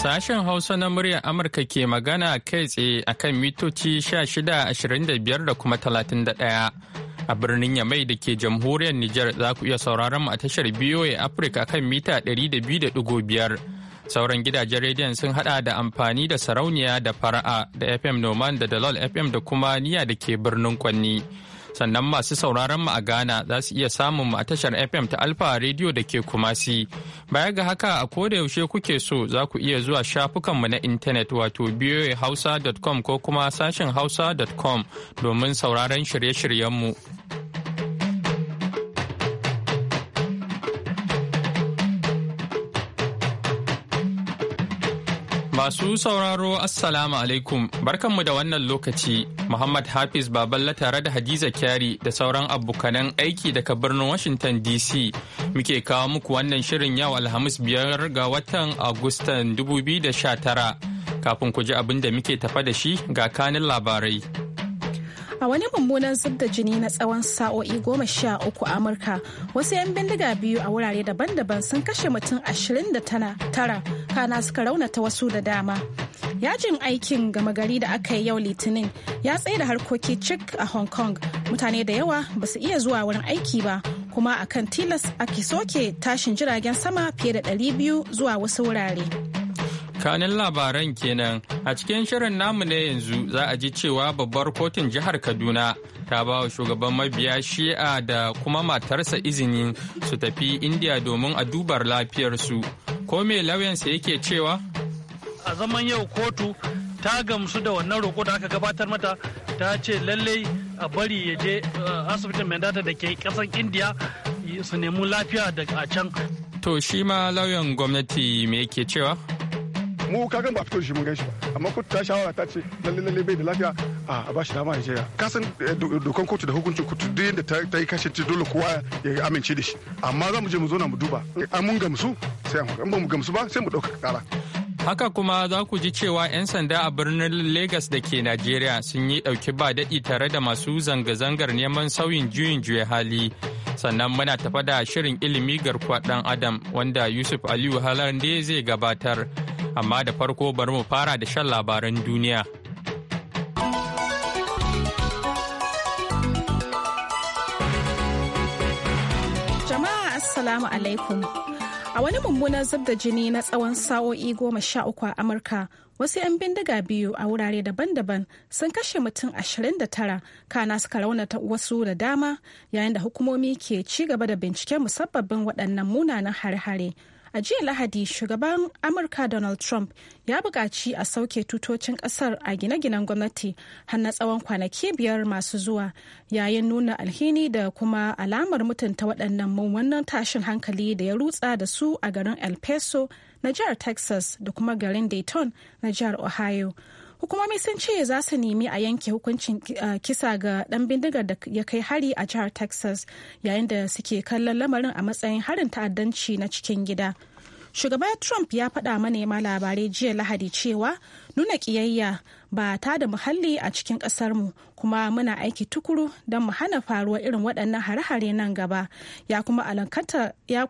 Sashen Hausa na muryar Amurka ke magana kai tsaye akan mitoci 1625 da kuma 31 a birnin Yamai da ke jamhuriyar Nijar za ku iya sauraron mu a tashar BOA afirka kan mita 200.5. Sauran gidajen rediyon sun hada da amfani da sarauniya da fara'a da FM Noman da Dalol FM da kuma niya da ke birnin Kwanni. sannan masu sauraron mu a Ghana za su iya samun mu a tashar FM ta Alfa Radio da ke Kumasi. Baya ga haka a koda yaushe kuke so za ku iya zuwa shafukan mu na intanet wato hausa.com ko kuma sashen hausa.com domin sauraron shirye shiryen mu Masu sauraro Assalamu alaikum barkanmu da wannan lokaci Muhammad Hafiz Baballa tare da Hadiza Kyari da sauran abokanan aiki daga birnin Washington DC muke kawo muku wannan shirin yau Alhamis biyar ga watan Agustan 2019 kafin ku ji abin da muke tafa da shi ga kanin labarai. a wani mummunan zub da jini na tsawon sa'o'i goma sha uku a amurka wasu 'yan bindiga biyu a wurare daban-daban sun kashe mutum ashirin da tara kana suka raunata wasu da dama yajin aikin gama gari da aka yi yau litinin ya tsaye da harkoki cik a hong kong mutane da yawa ba su iya zuwa wurin aiki ba kuma akan tilas ake soke tashin jiragen sama fiye da 200 zuwa wasu wurare. kanin labaran kenan a cikin shirin namu na yanzu za a ji cewa babbar kotun jihar kaduna ta ba wa shugaban mabiya shi'a da kuma matarsa izinin su tafi indiya domin a dubar lafiyarsu ko me lauyansa yake cewa a zaman yau kotu ta gamsu da wannan roƙo da aka gabatar mata ta ce lallai a bari ya je uh, asibitin mandata da ke ƙasar indiya su nemi lafiya daga can to shi ma lauyan gwamnati me yake cewa mu kagan ba fito shi mun gaishe ba amma kotu ta shawara ta ce lalle lalle bai da lafiya a ba shi dama ya je ya kasan eh, dokan kotu da hukuncin kotu duk yadda ta yi kashe ce dole kowa ya amince da shi amma za mu je mu zo na mu duba an mun gamsu sai an ba mu gamsu ba sai mu ɗauka kara Haka kuma za ku ji cewa 'yan sanda a birnin Legas da ke Najeriya sun yi ɗauki ba daɗi tare da masu zanga-zangar neman sauyin juyin juya hali. Sannan muna tafa da shirin ilimi garkuwa ɗan Adam wanda Yusuf Aliyu Halande zai gabatar. amma da farko bari mu fara da shan labaran duniya. Jama'a Assalamu alaikum. A wani mummunar zub da jini na tsawon sa'o'i goma sha uku a Amurka, wasu 'yan bindiga biyu a wurare daban-daban sun kashe mutum ashirin da 29 kana suka raunata wasu da dama yayin da hukumomi ke ci gaba da binciken musabbabin waɗannan munanan hare-hare. A jiya Lahadi, shugaban Amurka Donald Trump ya buƙaci a sauke tutocin ƙasar a gine-ginen gwamnati har na tsawon kwanaki biyar masu zuwa yayin nuna alhini da kuma alamar mutunta waɗannan mummunan tashin hankali da ya rutsa da su a garin El Paso na jihar Texas da kuma garin Dayton na jihar Ohio. hukumomi sun ce za su nemi a yanke hukuncin eh, kisa ga dan bindigar da ya kai hari a jihar texas yayin da suke kallon lamarin a matsayin harin ta'addanci na cikin gida shugaba trump ya faɗa manema labarai jiya lahadi cewa nuna ƙiyayya ba ta da muhalli a cikin ƙasarmu kuma muna aiki tukuru don mu hana faruwar irin waɗannan hare-hare nan gaba ya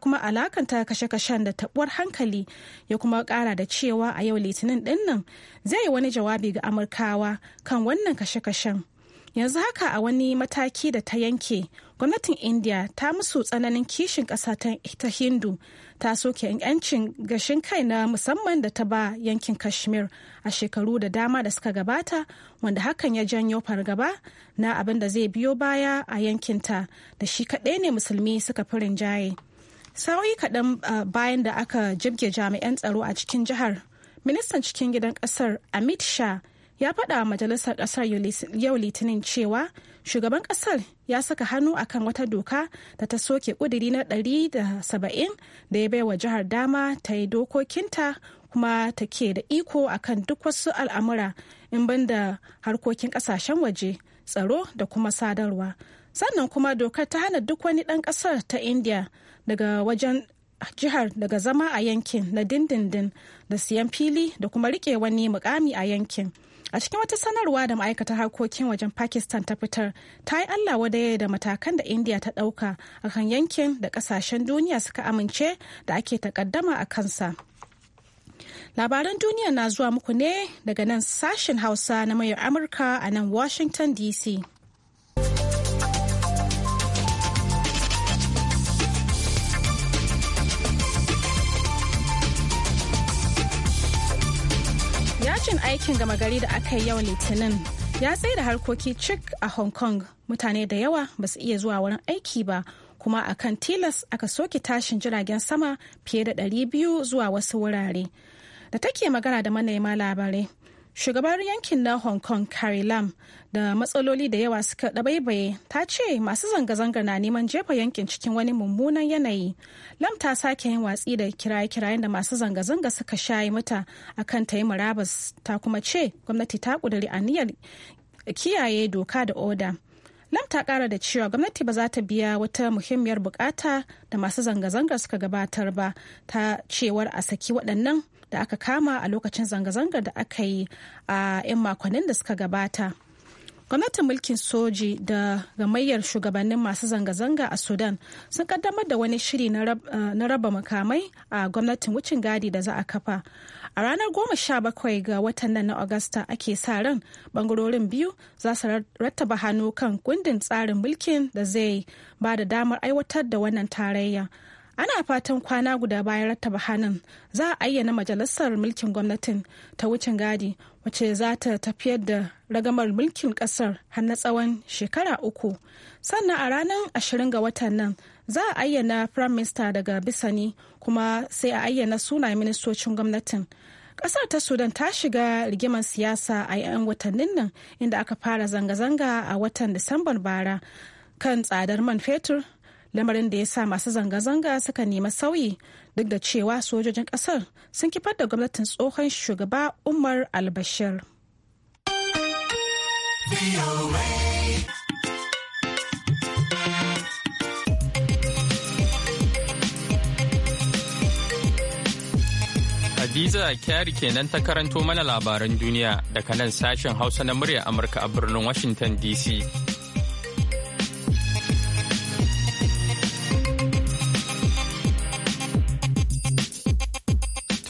kuma alakanta kashe-kashen da taɓuwar hankali ya kuma ƙara da cewa a yau litinin ɗinnan zai yi wani jawabi ga amurkawa kan wannan kashe-kashen yanzu haka a wani mataki da ta yanke gwamnatin india ta musu tsananin kishin ƙasa ta hindu ta soke 'yancin gashin kai na musamman da ta ba yankin kashmir a shekaru da dama da suka gabata wanda hakan ya janyo fargaba na abin da zai biyo baya a yankinta da shi kaɗai ne musulmi suka fi rinjaye sa'o'i kaɗan bayan da aka jibge jami'an tsaro a cikin jihar ministan cikin gidan ƙasar amit shah ya faɗa majalisar ƙasar yau litinin cewa shugaban ƙasar ya saka hannu akan wata doka da ta soke ƙudiri na 170 da ya baiwa jihar dama ta yi dokokinta kuma ta ke da iko akan duk wasu al'amura in banda harkokin ƙasashen waje tsaro da kuma sadarwa sannan kuma dokar ta hana duk wani ɗan ƙasar ta india daga wajen jihar daga zama a yankin na dindindin da siyan fili da kuma riƙe wani mukami a yankin. a cikin wata sanarwa da ma'aikatar harkokin wajen pakistan ta fitar ta yi allah wadaya da matakan da indiya ta dauka a kan yankin da kasashen duniya suka amince da ake takaddama a kansa labaran duniya na zuwa muku ne daga nan sashen hausa na mayar amurka a nan washington dc Yajin aikin gama gari da aka yi yau Litinin ya tsaye da harkoki cik a Hong Kong. Mutane da yawa ba su iya zuwa wurin aiki ba, kuma a kan tilas aka soke tashin jiragen sama fiye da 200 zuwa wasu wurare. Da take magana da manema labarai, shugabar yankin na hong kong carrie lam da matsaloli da yawa suka ɗabaibaye ta ce masu zanga-zangar na neman jefa yankin cikin wani mummunan yanayi lam ta sake yin watsi da kiraye-kirayen da masu zanga-zanga suka shayi mata akan ta yi murabas ta kuma ce gwamnati ta ƙudiri aniyar kiyaye doka da oda lam ta kara da cewa gwamnati ba za ta biya wata muhimmiyar bukata da masu zanga-zangar suka gabatar ba ta cewar a saki waɗannan da aka kama a lokacin zanga-zangar da aka yi a 'yan makonnin da suka gabata gwamnatin mulkin soji da gamayyar shugabannin masu zanga-zanga a sudan sun kaddamar da wani shiri na raba makamai a gwamnatin wucin gadi da za a kafa a ranar 17 ga watan nan na agusta ake sa ran bangarorin biyu za su rattaba hannu kan kundin tsarin mulkin da zai ba da damar aiwatar da wannan tarayya ana fatan kwana guda bayan rattaba hannun za a ayyana majalisar mulkin gwamnatin ta wucin gadi wacce za ta tafiyar da ragamar mulkin kasar har na tsawon shekara uku sannan a ranar ashirin ga watan nan za a ayyana prime minister daga bisani kuma sai a ayyana sunayen ministocin gwamnatin kasar ta sudan ta shiga rigimar siyasa a 'yan watannin nan inda aka fara zanga-zanga a watan disambar bara kan tsadar man fetur lamarin da ya sa masu zanga-zanga suka nemi sauyi duk da cewa sojojin kasar sun kifar da gwamnatin tsohon shugaba umar albashir Hadiza Kyari kenan ta karanto mana labaran duniya daga nan sashen Hausa na murya Amurka a birnin Washington DC.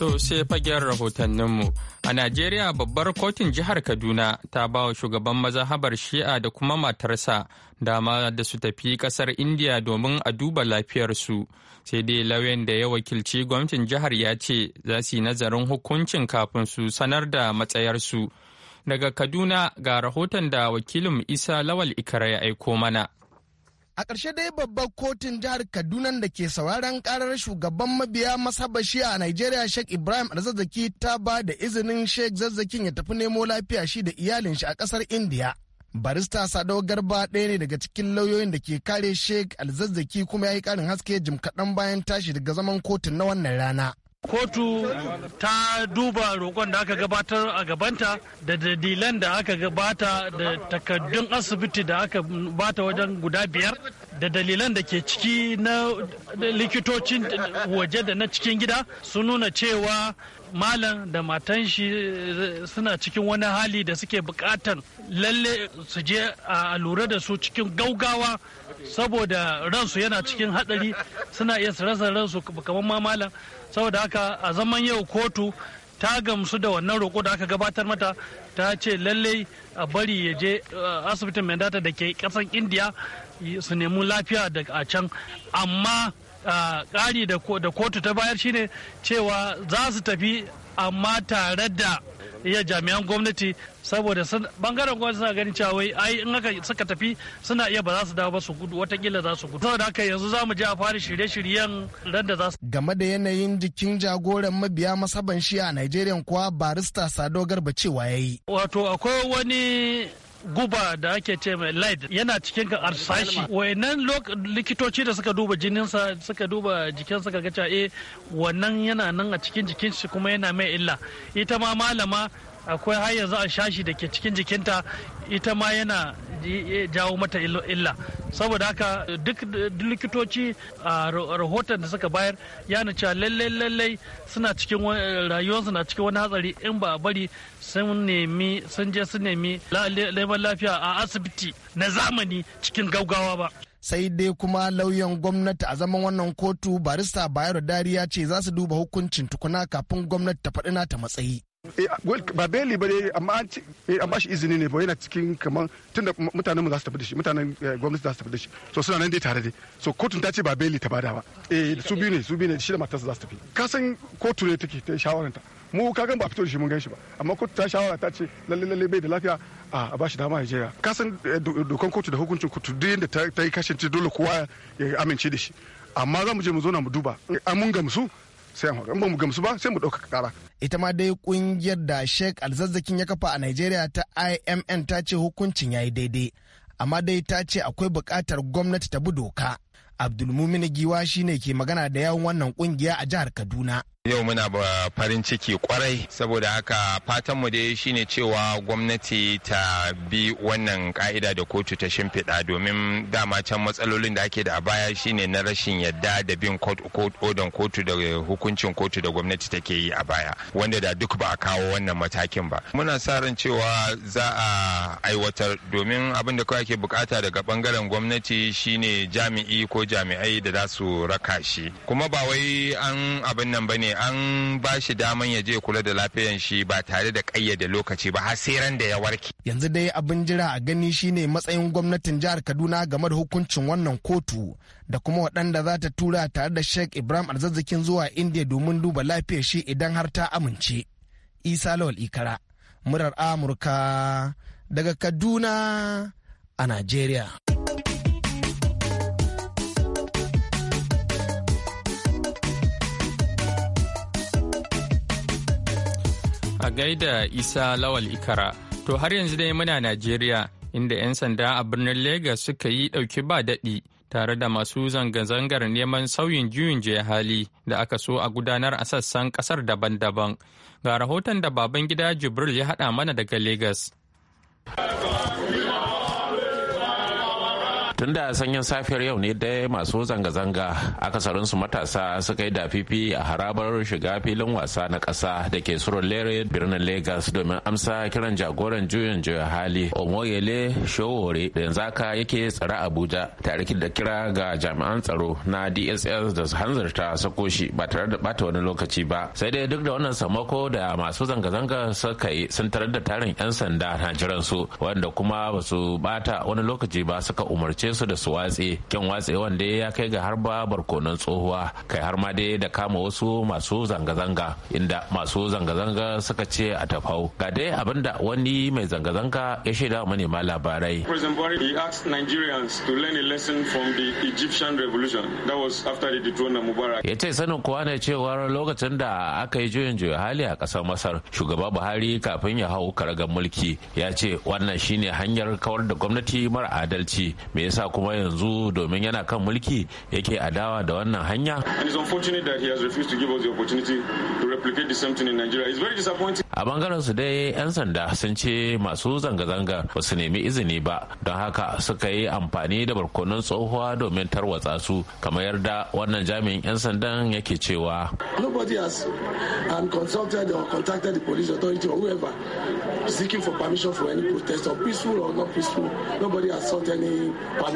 To sai fagen rahotanninmu. A Najeriya babbar kotun jihar Kaduna ta ba wa shugaban mazahabar shi'a da kuma matarsa dama da su tafi kasar indiya domin a duba lafiyarsu. Sai dai lauyan da ya wakilci gwamnatin jihar ya ce za su yi nazarin hukuncin kafin su sanar da matsayarsu. Daga Kaduna ga rahoton da wakilin Isa Lawal Ikara ya aiko mana. A ƙarshe dai babbar kotun jihar Kaduna da ke sauraron karar shugaban mabiya masabashi a Nigeria Sheikh Ibrahim Alzazzaki ta ba da izinin Sheikh Zazzakin ya tafi nemo lafiya shi da iyalin shi a ƙasar indiya. Barista Sadau Garba ɗaya ne daga cikin lauyoyin da ke kare Sheikh Alzazzaki kuma ya yi ƙarin haske jim kaɗan bayan tashi daga zaman kotun na wannan rana. kotu ta duba roƙon da aka gabatar a gabanta da dalilan da aka gabata da takardun asibiti da aka bata wajen guda biyar da dalilan da ke ciki na likitocin waje da na cikin gida sun nuna cewa malam da matan shi eh, suna cikin wani hali da suke bukatan lalle su je a lura da su cikin gaugawa saboda ransu yana cikin hadari suna iya su rasa ransu kamar ma malam saboda haka a zaman yau kotu ta gamsu da wannan roƙo da aka gabatar mata ta ce lalle a bari ya je eh, asibitin data da ke kasan indiya su nemi lafiya daga a can amma kari da kotu ta bayar shine cewa za su tafi amma tare da iya jami'an gwamnati saboda bangaren gwamnati suna ganin cewa wai ai in aka suka tafi suna iya ba za su dawo ba su gudu watakila za su gudu saboda haka yanzu za mu je a fara shirye-shiryen ran da za su game da yanayin jikin jagoran mabiya masaban shi a nigeria kuwa barista Sado Garba cewa yayi wato akwai wani guba da ake ce mai light yana cikin ka arsashi wayannan likitoci da suka duba jininsa suka duba jikinsa ga cewa eh wannan yana nan a cikin jikin shi kuma yana mai illa ita ma malama akwai har yanzu a shashi da ke cikin jikinta ita ma yana jawo mata illa saboda haka duk likitoci a rahoton da suka bayar ya cewa lallai lallai suna cikin rayuwarsu na cikin wani hatsari in ba a bari sun nemi sun je sun nemi neman lafiya a asibiti na zamani cikin gaugawa ba sai dai kuma lauyan gwamnati a zaman wannan kotu barista bayero dariya ce za su duba hukuncin tukuna kafin gwamnati ta faɗi ta matsayi Eh, ba beli ba dai amma an eh, ba shi izini ne ba yana cikin kamar tun da mutanen mu za su tafi da shi mutanen eh, gwamnati za su tafi da shi so suna nan dai tare dai so kotun ta ce ba beli ta bada ba eh su biyu ne su biyu ne shi da matarsa za su tafi ka san kotu ne take ta shawaranta mu ka gan ba fito da shi mun gan shi ba amma kotu ta shawara ta ce lalle lalle bai da lafiya a ba shi dama ya je ka san dokan kotu da hukuncin kotu duk inda ta yi kashin dole kowa ya amince da shi amma za mu je mu zo na mu duba an mun gamsu sai mu gamsu ba sai mu ɗauka kara ita ma dai kungiyar da sheikh alzazzakin ya kafa a nigeria ta imn ta ce hukuncin ya yi daidai amma dai ta ce akwai bukatar gwamnati ta bi doka abdulmumin giwa shine ke magana da yawon wannan kungiya a jihar kaduna yau muna ba farin ciki kwarai saboda haka fatanmu dai shine cewa gwamnati ta bi wannan ka'ida da kotu ta shimfiɗa domin dama can matsalolin da ake da a baya shine na rashin yadda da bin odon kotu da hukuncin kotu da gwamnati take yi a baya wanda da duk ba a kawo wannan matakin ba muna sa ran cewa za a aiwatar domin abin da kawai ke bukata daga bangaren gwamnati shine jami'i ko jami'ai da za su raka shi kuma ba wai an abin nan ba ne. an ba shi daman ya je kula da lafiyan shi ba tare da kayyade lokaci ba har sai ran da ya warke yanzu dai abin jira a gani shine matsayin gwamnatin jihar kaduna game da hukuncin wannan kotu da kuma waɗanda za ta tura tare da sheikh ibrahim Arzazakin zuwa india domin duba lafiyar shi idan har ta amince isa lawal ikara murar amurka daga kaduna a najeriya A gaida Isa Lawal Ikara, to har yanzu dai muna Najeriya inda 'yan sanda a birnin Legas suka yi ɗauki ba daɗi tare da masu zanga-zangar neman sauyin juyin je hali da aka so a gudanar a sassan ƙasar daban-daban. Ga rahoton da baban gida Jibril ya haɗa mana daga Legas. tun da sanyin safiyar yau ne dai masu zanga-zanga akasarin su matasa suka yi dafifi a harabar shiga filin wasa na ƙasa da ke lere birnin lagos domin amsa kiran jagoran juyin juya hali omoyele showore da yanzu haka yake tsare abuja tare da kira ga jami'an tsaro na dss da su hanzarta sako shi ba tare da bata wani lokaci ba sai dai duk da wannan samako da masu zanga-zanga suka yi sun tarar da tarin 'yan sanda na su wanda kuma basu bata wani lokaci ba suka umarce su da su watse kyan watse wanda ya kai ga har ba barkonon tsohuwa kai har ma dai da kama wasu masu zanga-zanga inda masu zanga-zanga suka ce a tafau ga dai abinda wani mai zanga-zanga ya shaida wa manema labarai ya ce sanin kowa ne cewar lokacin da aka yi juyin juya hali a kasar Masar shugaba Buhari kafin ya hau karagar mulki ya ce wannan shine hanyar kawar da gwamnati mara adalci me yasa yasa kuma yanzu domin yana kan mulki yake adawa da wannan hanya a bangaren su dai 'yan sanda sun ce masu zanga-zanga ba su nemi izini ba don haka suka yi amfani da barkonin tsohuwa domin tarwatsa su kamar yarda wannan jami'in 'yan sandan yake cewa nobody has um, consulted or contacted the police authority or whoever seeking for permission for any protest or peaceful or not peaceful nobody has sought any permission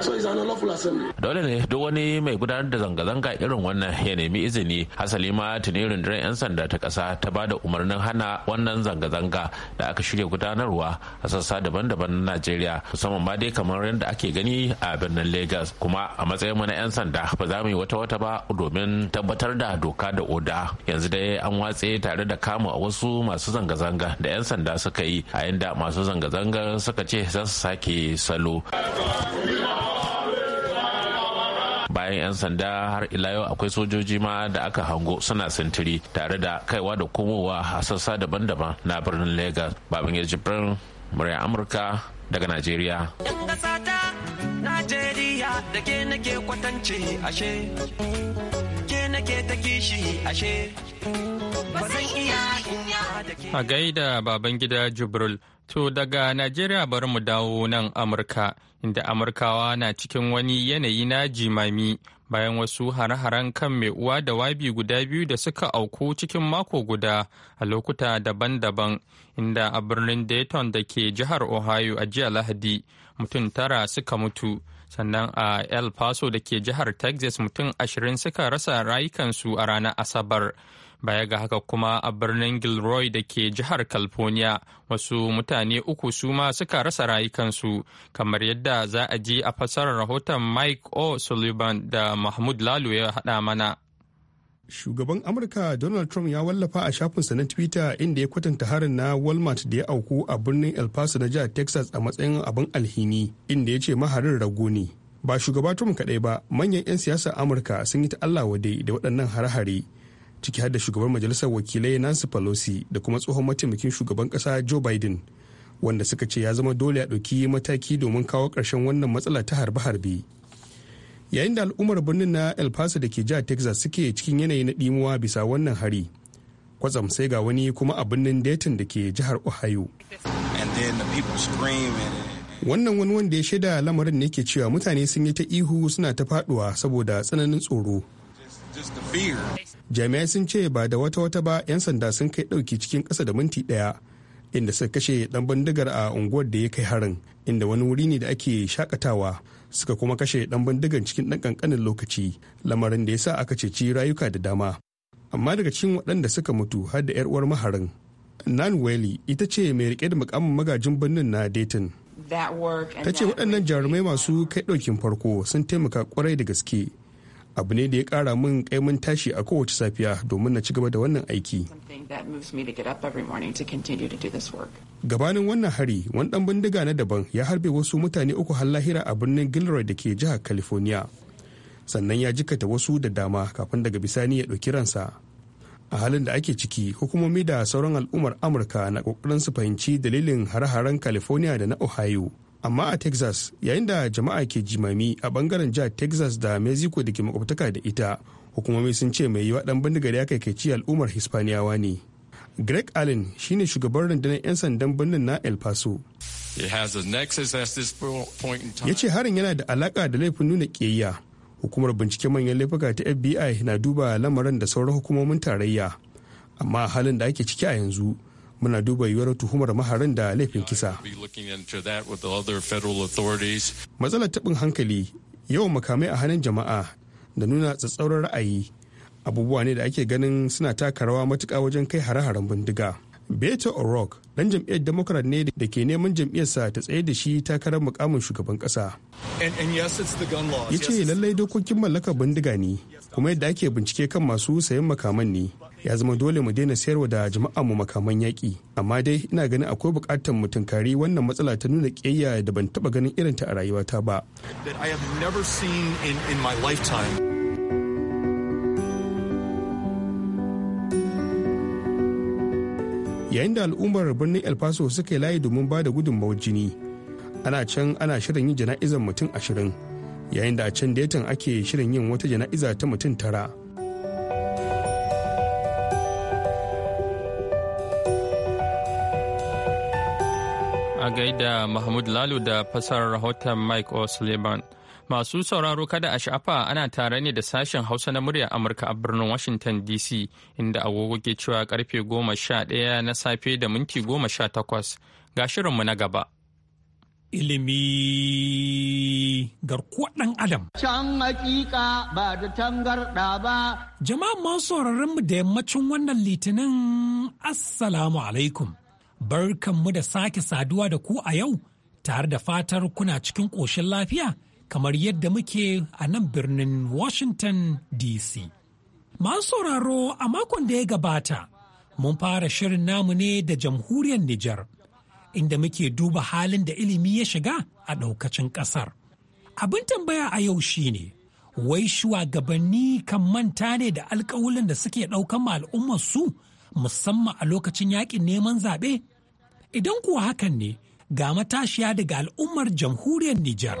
so is an unlawful assembly dole ne duk wani mai gudanar da zanga-zanga irin wannan ya nemi izini hasali ma tuni rundunar 'yan sanda ta kasa ta ba da umarnin hana wannan zanga-zanga da aka shirya gudanarwa a sassa daban-daban na najeriya musamman ma dai kamar yadda ake gani a birnin lagos kuma a matsayin na 'yan sanda ba za mu yi wata-wata ba domin tabbatar da doka da oda yanzu dai an watse tare da kama wasu masu zanga-zanga da 'yan sanda suka yi a yadda masu zanga-zangar suka ce za sake salo. bayan 'yan sanda har ila yau akwai sojoji ma da aka hango suna sintiri tare da kaiwa da komowa a sassa daban-daban na birnin lagos babin ya jibrin murya amurka daga najeriya da ke a gaida baban gida jibril To daga Najeriya bari mu dawo nan Amurka, inda Amurkawa na cikin wani yanayi na jimami bayan wasu hare-haren kan mai uwa da wabi guda biyu da suka auku cikin mako guda a lokuta daban-daban, inda a birnin Dayton da ke jihar Ohio a jiya Lahadi mutum tara suka mutu. Sannan a El Paso da ke jihar Texas mutum ashirin suka rasa rayukansu a ranar Asabar. Baya ga haka kuma a birnin Gilroy da ke jihar California wasu mutane uku su suka rasa rayukansu kamar yadda za a ji a fasarar rahoton Mike o sullivan da Mahmud Lalo ya haɗa mana. Shugaban Amurka Donald Trump ya wallafa a shafinsa na Twitter inda ya kwatanta harin na Walmart da ya auku a birnin El Paso na jihar Texas a matsayin abin alhini inda ya ce maharin rago ne. Ba shugaba Trump kaɗai ba manyan 'yan siyasar Amurka sun yi ta Allah dai da waɗannan hare-hare. ciki har da shugaban majalisar wakilai Nancy Pelosi da kuma tsohon mataimakin shugaban kasa Joe Biden wanda suka ce ya zama dole a ɗauki mataki domin kawo ƙarshen wannan matsala ta harbe-harbe. Yayin da al'ummar birnin na El Paso da ke jihar Texas suke cikin yanayi na ɗimuwa bisa wannan hari. Kwatsam sai ga wani kuma a birnin Dayton da ke jihar Ohio. Wannan wani wanda ya shaida lamarin ne ke cewa mutane sun yi ta ihu suna ta faduwa saboda tsananin tsoro. Jami'ai sun ce ba da wata-wata ba 'yan sanda sun kai ɗauki cikin ƙasa da minti ɗaya inda suka kashe ɗan bindigar a unguwar da ya kai harin inda wani wuri ne da ake shakatawa suka kuma kashe ɗan bindigar cikin ɗan ƙanƙanin lokaci lamarin da ya sa aka ceci rayuka da dama. Amma daga cikin waɗanda suka mutu har da 'yar uwar maharin. Nan Welly ita ce mai rike da mukamin magajin birnin na Dayton. Ta ce waɗannan jarumai masu kai ɗaukin farko sun taimaka kwarai da gaske abu ne da ya kara min kaimin tashi a kowace safiya domin na ci gaba da wannan aiki gabanin wannan hari wani ɗan bindiga na daban ya harbe wasu mutane uku har lahira a birnin gilroy da ke jihar california sannan ya jikata wasu da dama kafin daga bisani ya ɗauki ransa a halin da ake ciki hukumomi da sauran al'ummar amurka na ƙoƙarin su fahimci dalilin hare-haren california da na ohio amma a texas yayin da jama'a ke jimami a bangaren jihar texas da mexico da ke makwabtaka da ita hukumomi sun ce mai yiwa dan bindigar ya kai ci al'ummar hispaniyawa ne greg allen shine shugaban rundunar 'yan sandan birnin na el paso ya ce harin yana da alaka da laifin nuna ƙiyayya hukumar binciken manyan laifuka ta fbi na duba lamarin da sauran hukumomin tarayya amma halin da ake ciki a yanzu muna duba yiwuwar tuhumar maharin da laifin kisa matsalar taɓin hankali yawan makamai a hannun jama'a da nuna tsatsauran ra'ayi abubuwa ne da ake ganin suna taka rawa matuƙa wajen kai hare-haren bindiga beto o'rourke ɗan jam'iyyar democrat ne da ke neman jam'iyyarsa ta tsaye da shi takarar mukamin shugaban ƙasa. ya ce lallai dokokin mallakar bindiga ne kuma yadda ake bincike kan masu sayan makaman ne ya zama dole mu daina sayarwa da jama'a mu makaman yaƙi amma dai ina ganin akwai buƙatar mu tunkari wannan matsala ta nuna ƙiyayya da ban taɓa ganin irinta a rayuwata ba yayin da al'ummar birnin el paso suka yi layi domin ba da gudunmawar jini ana can ana shirin yin jana'izar mutum ashirin yayin da a can dayton ake shirin yin wata jana'iza ta mutum tara A gaida Mahmud lalu da fasar rahoton Mike O'Sullivan. Masu sauraro kada a sha'afa ana tare ne da sashen Hausa na muryar Amurka a birnin Washington DC inda agogo ke cewa karfe goma sha ɗaya na safe da minti goma sha takwas ga shirinmu na gaba. Ilimi garkuwar ɗan Adam. Can hakika ba da tangarɗa ba. Jama'a masu sauraron mu da yammacin wannan litinin Assalamu alaikum. barkanmu da sake saduwa da ku a yau tare da fatar kuna cikin ƙoshin lafiya kamar yadda muke a nan birnin Washington DC. Masu sauraro a makon da ya gabata, mun fara shirin namu ne da jamhuriyar Nijar, inda muke duba halin da ilimi ya shiga a ɗaukacin ƙasar. Abin tambaya a yau shine, wai shugabanni kan manta ne da alkawulin da suke ɗaukan al'ummar su musamman a lokacin yakin neman zaɓe? Idan kuwa hakan ne, ga matashiya daga al'ummar jamhuriyar Nijar.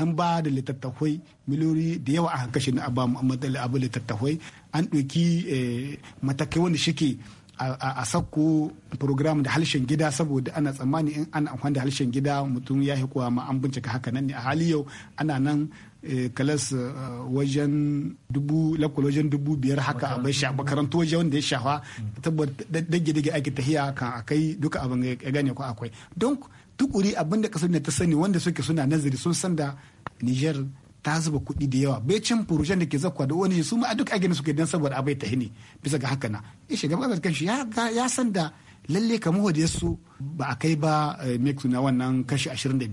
An ba da littattafai milori da yawa a kashe na abu littattafai an ɗauki eh, matakai wanda shike a sakko program da harshen gida saboda ana tsammani in ana amfani da harshen gida mutum ya kuwa ma an bincika haka nan ne a hali yau ana nan kalas eh, eh, wajen dubu lakwal wajen dubu biyar haka a bai shafa karantu wajen wanda ya shafa tabbata dage dage ake tahiya kan akai duka abin ya gane ko akwai don tukuri abinda kasar da ta sani wanda suke suna nazari sun san da niger ta zuba kuɗi da yawa bai cin furushen da ke zakwa da wani su ma a duka agin suke don saboda abai ta hini bisa ga haka na ya shiga kasar kanshi ya san da lalle kamar da su ba a kai ba eh, mai suna wannan kashi 25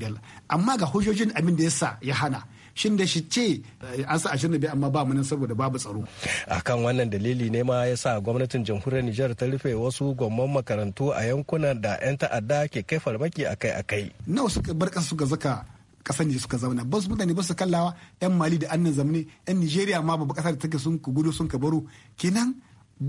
amma ga hujjojin abin da ya sa ya hana shin da shi ce eh, an sa 25 amma ba mu nan saboda babu tsaro akan wannan dalili ne ma ya sa gwamnatin jamhuriyar Nijar ta rufe wasu gwamman makarantu a yankunan da 'yan ta'adda ke kai farmaki akai-akai nawa suka bar kasa suka zaka ne suka zauna ba su mutane ba su kallawa yan Mali da annan zamani yan Nijeriya ma babu kasar da take sun ku gudu sun ka baro kenan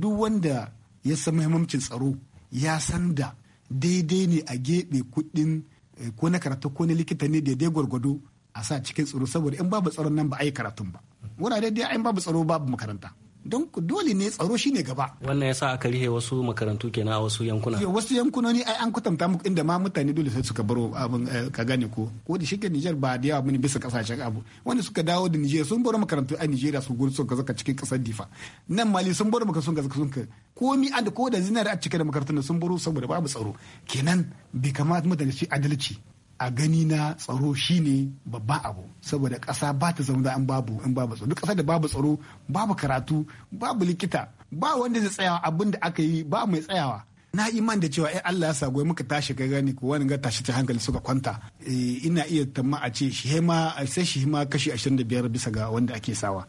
duk wanda ya san muhimmancin tsaro ya san da daidai ne a gebe kuɗin eh, ko na karatu ko na likita ne daidai gwargwado a sa cikin tsoro saboda in babu tsaron nan ba a yi karatun ba wurare dai in babu tsaro babu makaranta don dole ne tsaro shine gaba wannan yasa aka rihe wasu makarantu kenan a wasu yankuna wasu yankunoni ai an kwatanta muku inda ma mutane dole sai suka baro abin eh, ka gane ko ko da shike Niger ba da yawa bane bisa kasashen abu wanda suka dawo da Niger sun baro makarantu a Nigeria su gurin ka zaka cikin kasar Difa nan Mali sun baro makarantu sun ga sun ka komi an da ko da zinari a cikin makarantun sun baro saboda babu tsaro kenan bai kamata mutane su adalci a gani na tsaro shine babban abu saboda ƙasa ba ta zama an babu in babu tsaro duk ƙasa da babu tsaro babu karatu babu likita ba wanda zai tsayawa abin da aka yi ba mai tsayawa na iman da cewa ai eh, Allah ya sagoyi muka tashi kai gani ko wani ga tashi ta hankali suka kwanta eh, ina iya tamma a ce shi ma sai shi ma kashi 25 bisa ga wanda ake sawa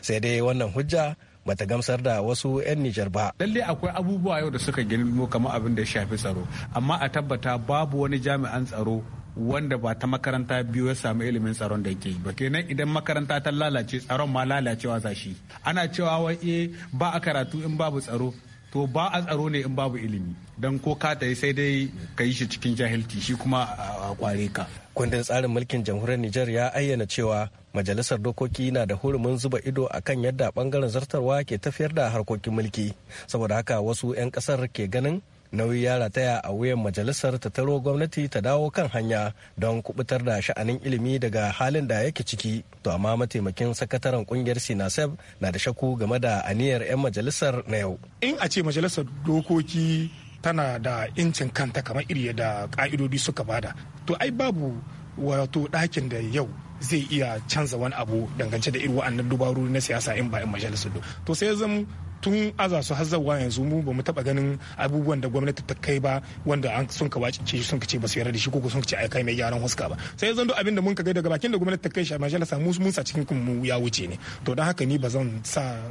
sai dai wannan hujja bata gamsar da wasu 'yan Nijar ba. Lalle akwai abubuwa yau da suka girmo kamar abin da ya shafi tsaro, amma a tabbata babu wani jami'an tsaro wanda ba ta makaranta biyu ya samu ilimin tsaron da yake ba kenan idan makaranta ta lalace tsaron ma lalacewa za shi ana cewa wai eh, ba a karatu in babu tsaro to ba a tsaro ne in babu ilimi don ko ka ta yi sai dai ka yi shi cikin jahilci shi kuma a kware ka kundin tsarin mulkin jamhuriyar Nijar ya ayyana cewa majalisar dokoki na da hurumin zuba ido akan yadda bangaren zartarwa ke tafiyar da harkokin mulki saboda haka wasu 'yan kasar ke ganin nauyi ya rataya a wuyan majalisar ta taro gwamnati ta dawo kan hanya don kubutar da sha'anin ilimi daga halin da yake ciki to amma mataimakin sakataren kungiyar sinasef na da shaku game da aniyar 'yan majalisar na yau in a ce majalisar dokoki tana da incin kanta kamar iri da ka'idodi suka bada to ai babu wato ɗakin da yau zai iya canza wani abu dangance da irin wa'annan dubaru na siyasa in ba in majalisar to sai zan. tun aza su har zawa yanzu mu ba mu taba ganin abubuwan da gwamnati ta kai ba wanda an sun ka wace sun ka ce ba su yarda da shi ko sun ka ce ai kai mai gyaran huska ba sai zan duk abin da mun ka ga daga bakin da gwamnati ta kai shi a majalisa mu mun sa cikin mu ya wuce ne to dan haka ni ba zan sa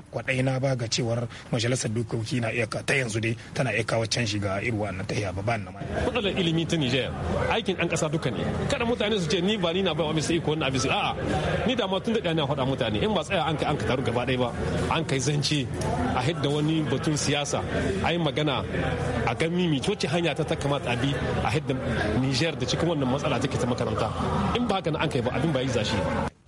na ba ga cewar majalisar dokoki na iya ta yanzu dai tana iya kawo canji ga irin wannan iya ba ba nan matsalar ilimi ta Niger aikin an kasa duka ne kada mutane su ce ni ba ni na ba wa sai ko wannan abisi a'a ni da ma tun da na faɗa mutane in ba tsaya an kai an ka taru gaba ɗaya ba an kai zance a hidda wani batun siyasa a yi magana a kan mimi coci hanya ta kamata a bi a hidda niger da cikin wannan matsala take ta makaranta in ba haka na an kai ba abin ba yi zashi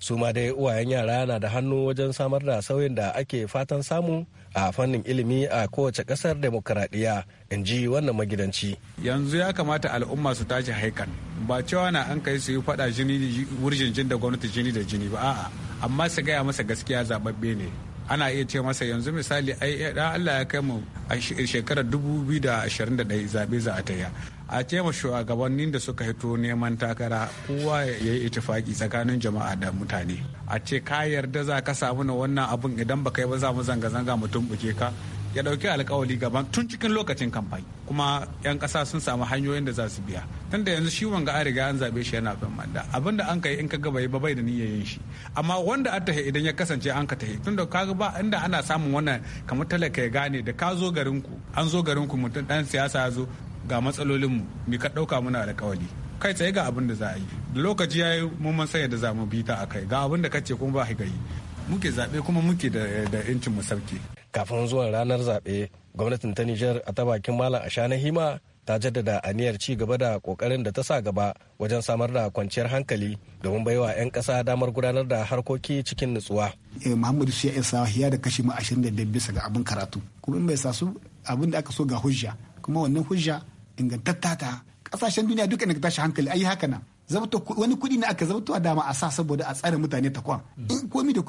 su ma dai uwayen yara na da hannu wajen samar da sauyin da ake fatan samu a fannin ilimi a kowace kasar demokaradiyya in ji wannan magidanci yanzu ya kamata al'umma su tashi haikan ba cewa na an kai su yi fada jini wurjin jin da gwamnati jini da jini ba a'a amma su gaya masa gaskiya zababbe ne ana iya ce masa yanzu misali ai eh, dan Allah ya kai mu a shekarar 2021 zabe za a ta yi a ce ma shugabannin da suka hito neman takara kowa ya yi itifaki tsakanin jama'a da mutane a ce ka yarda za ka samu na wannan abun idan ba kai ba za mu zanga-zanga mu tumbuke ka ya dauki alkawali gaban tun cikin lokacin kamfani kuma 'yan kasa sun samu hanyoyin da za su biya tun da yanzu shi wanga an riga an zabe shi yana bin manda abin da an kai in ka gaba ba bai da niyyar yin shi amma wanda an tahe idan ya kasance an ka tahe tun da kaga ba inda ana samun wannan kamar talaka ya gane da ka zo garin ku an zo garin ku mutum dan siyasa ya zo ga matsalolinmu mu ka dauka muna alkawali kai tsaye ga abin da za a yi da lokaci ya yi mun sanya da za mu bi ta a kai ga abin da kace kuma ba ka yi muke zaɓe kuma muke da 'yancin mu sauke kafin zuwan ranar zaɓe gwamnatin ta nijar a ta bakin malam ashana hima ta jaddada aniyar ci gaba da kokarin da ta sa gaba wajen samar da kwanciyar hankali domin baiwa 'yan kasa damar gudanar da harkoki cikin nutsuwa. Eh, Muhammadu su ya isa ya da kashi da biyar bisa ga abin karatu kuma in bai sa su abin da aka so ga hujja kuma wannan hujja ingantatta ta kasashen duniya duka ne tashi hankali ayi haka nan zabto wani kuɗi ne aka zabto a dama a sa saboda a tsare mutane ta kwan hmm. in komi da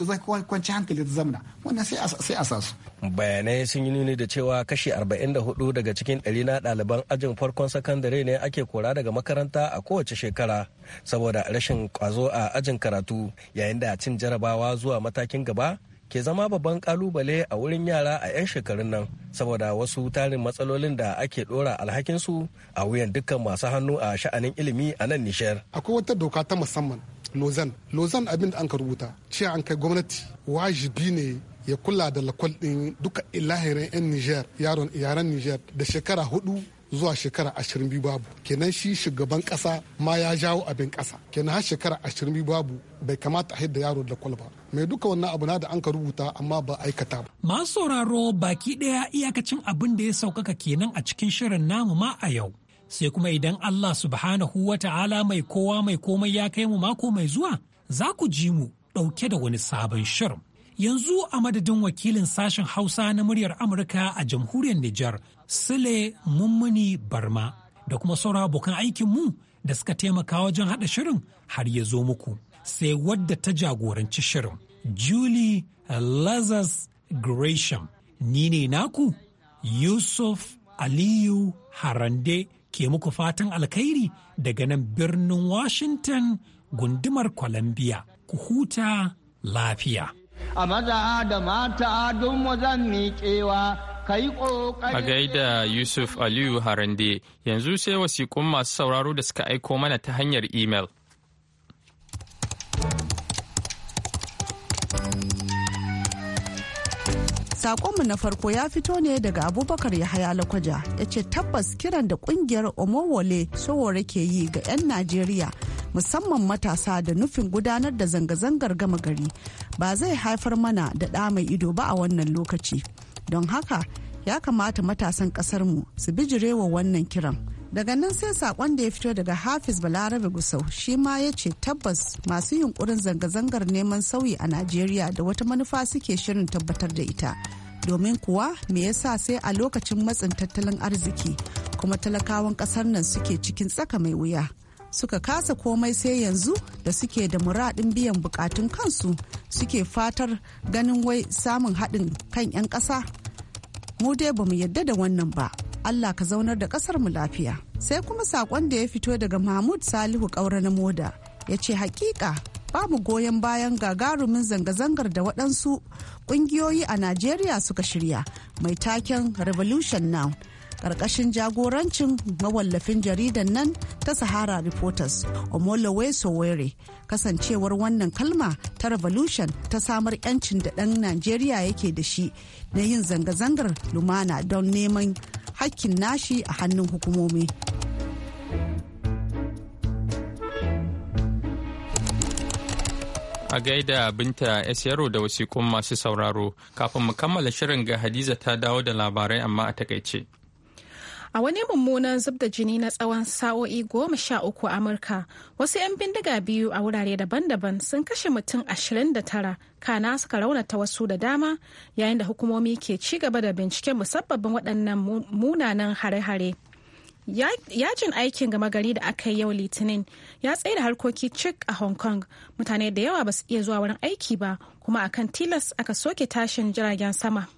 kwanci hankali ta zamna wannan sai a sa su bayanai sun yi nuni da cewa kashi 44 daga cikin ɗari na ɗaliban ajin farkon sakandare ne ake kora daga makaranta a kowace shekara saboda rashin kwazo a ajin karatu yayin da cin jarabawa zuwa matakin gaba ke zama babban kalubale a wurin yara a 'yan shekarun nan saboda wasu tarin matsalolin da ake dora alhakinsu a wuyan dukkan masu hannu a sha'anin ilimi a nan nishar. Akwai wata doka ta musamman Lozan. Lozan abin da an ka rubuta, cewa an kai gwamnati wajibi ne ya kula da lakwal ɗin duka ilahirin 'yan Nijar, yaron yaren Nijar da shekara hudu zuwa shekara ashirin biyu babu kenan shi shugaban kasa ma ya jawo abin kasa kenan har shekara ashirin biyu babu bai kamata a da yaro da kwalba mai duka wannan abu na da an ka rubuta amma ba aikata ba. masu sauraro baki ɗaya iyakacin abin da ya saukaka kenan a cikin shirin namu ma a yau sai kuma idan allah subhanahu wa ta'ala mai kowa mai komai ya kai mu mako mai zuwa za ku ji mu ɗauke da wani sabon shirin. yanzu a madadin wakilin sashen hausa na muryar amurka a jamhuriyar nijar Sule Mummuni Barma da kuma saura abokan mu da suka taimaka wajen haɗa shirin har ya zo muku. Sai wadda ta jagoranci shirin, Julie Lazarus Gresham. Ni ne naku, Yusuf Aliyu Harande ke muku fatan alkhairi daga nan birnin Washington gundumar Columbia. Ku huta lafiya. A maza da mata don mu zan miƙewa A gaida Yusuf Aliyu Harande yanzu sai wasiƙun masu sauraro da suka aiko mana ta hanyar imel. Sakonmu na farko ya fito ne daga Abubakar Yahaya Lakwaja ya ce tabbas kiran da ƙungiyar Omowole Sowore ke yi ga 'yan Najeriya musamman matasa da nufin gudanar da zanga-zangar gama gari ba zai haifar mana da ɗa mai ido ba a wannan lokaci. don haka ya kamata matasan mu su bijirewa wannan kiran daga nan sai sakon da ya fito daga hafiz balarabe gusau shi ma ya ce tabbas masu yunkurin zanga-zangar neman sauyi a najeriya da wata manufa suke shirin tabbatar da ita domin kuwa me yasa sai a lokacin matsin tattalin arziki kuma talakawan kasar nan suke cikin tsaka mai wuya suka kasa komai sai yanzu da suke da muradin biyan bukatun kansu suke fatar ganin wai samun haɗin kan 'yan ƙasa mu dai ba mu yadda da wannan ba allah ka zaunar da ƙasar mu lafiya sai kuma saƙon da ya fito daga mahmud salihu ƙaura na moda ya ce hakika mu goyon bayan gagarumin zanga-zangar da waɗansu ƙungiyoyi a najeriya suka shirya mai taken revolution now karkashin jagorancin mawallafin jaridan nan ta Sahara Reporters Omolowe Sowore kasancewar wannan kalma ta revolution ta samar 'yancin da ɗan Najeriya yake da shi na yin zanga-zangar lumana don neman hakkin nashi a hannun hukumomi. a gaida binta S da wasiƙun masu sauraro kafin mu kammala shirin ga Hadiza ta dawo da labarai amma a takaice. A wani mummunan zub da jini na tsawon sa'o'i goma sha uku a Amurka, wasu 'yan bindiga biyu a wurare daban-daban sun kashe mutum ashirin da tara kana suka raunata wasu da dama yayin da hukumomi ke ci gaba da binciken musabbabin waɗannan munanan hare-hare. Yajin aikin gama gari da aka yi yau Litinin ya tsaye da harkoki cik a Hong Kong. Mutane da yawa ba su iya zuwa wurin aiki ba, kuma akan tilas aka soke tashin jiragen sama.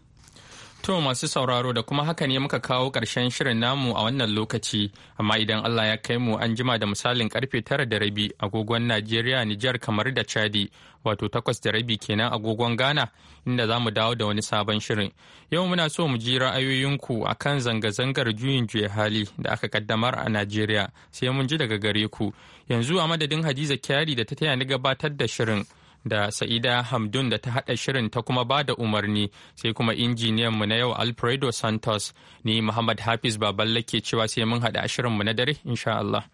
To masu sauraro da kuma haka ne muka kawo ƙarshen shirin namu a wannan lokaci, amma idan Allah ya kai mu an jima da misalin karfe tara da rabi agogon Najeriya, Nijar kamar da Chadi, wato takwas da rabi kenan agogon Ghana, inda za mu dawo da wani sabon shirin. Yau muna so mu ji ra'ayoyinku a kan zanga-zangar juyin juya hali da aka kaddamar a Najeriya, sai mun ji daga gare ku. Yanzu a madadin Hadiza Kyari da ta taya ni gabatar da shirin. da Sa'ida Hamdun da ta haɗa shirin ta kuma ba da umarni sai kuma injiniyan mu na yau Alfredo Santos ni Muhammad Hafiz Baballe ke cewa sai mun haɗa mu na dare insha Allah.